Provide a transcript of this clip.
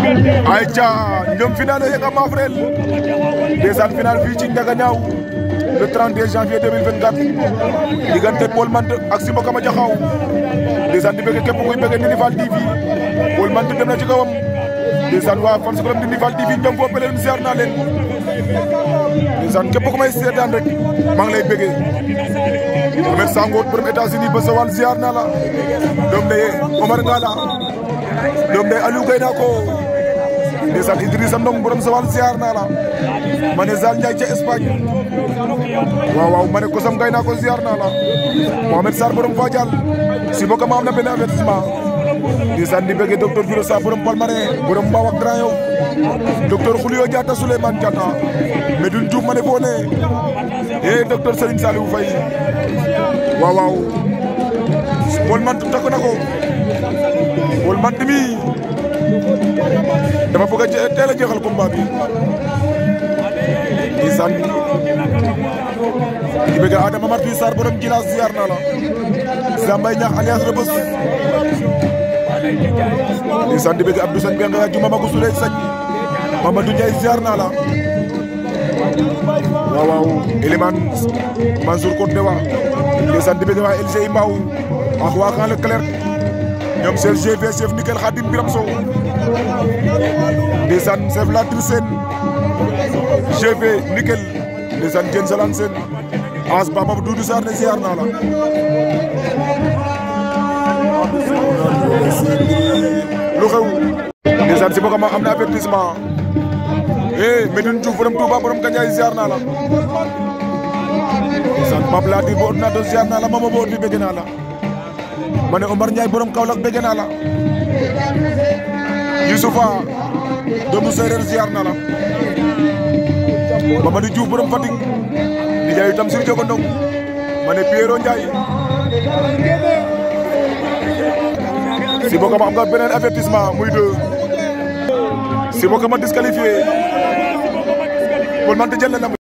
ayca ñoom final yeeg am avril ndeysaan final fii ci Ndiaganiao le 31 janvier 2024 diggante Paul Menthe ak Simbo a Diakhao ndeysaan di bëgg képp kuy bëgg Ndindy Fall TV Paul Menthe dem na ci kawam ndeysaan waa fans club Ndindy Fall TV ñoom foofu leen ziar naa leen ndeysaan képp ku may rek maa ngi lay bëggee Ahmed Sango borom États-Unis ba sawal ziar naa la doom de Omar Ngala doom de Aliou Gaynako ndeysaan a Ndong borom sa wàll ziar naa la ma ne Zal Ndiaye ca Espagne waaw ma ne kosam gay naa ko ziar naa la Mohamed Sarr borom Fadial si bokk ma a na benn avertissement ndeysaan di bëggee docteur Diouro Sarr borom Palmarin borom Mbao ak Grand Yoff docteur Khoulio Diatta Souleymane Diatta Medoune Diouf ma ne boo nee eh docteur Serigne Saliou Faye waaw waaw Paul Mante takk na ko Paul mi dama bëgg a teel a jeexal combat bi ndeysaan di bëgg Adama Martin Sarr borom Djilass ziar naa la Zambay ñax alliance Rebeuss ndeysaan di bëgg Abdou Sañ bi nga ju Mamadou Souley Sañ Mamadou Ndiaye ziar naa la waaw waaw Elimane Mansour Kote ne wa ndeysaan di bëgg waa LG Mbaw ak waa Camp Leclerc ñoom chef GV chef Nikel Khadim Biram Sow ndeysaan chef Latir Sène GV Nikel ndeysaan Diène Salan Sène as Papa Doudou Sarr ne ziar naa la lu xew ndeysaan am na avertissement eh Medoune Diouf borom Touba borom Gandiaye ziar naa la ndeysaan Pape Latir bo ordinateur ziar naa la mama bo ordi bëgg naa la ma ne Omar Ndiaye borom Kaolack bëgg yusufa do mu doomu séeréer ziar naa la Mamadou Diouf borom fatik Fatick jaay tam sir jogo ndong ma piero Pierrot si boko ma am nga benen avertissement muy deux si boko ma disqualifier pour man te jël la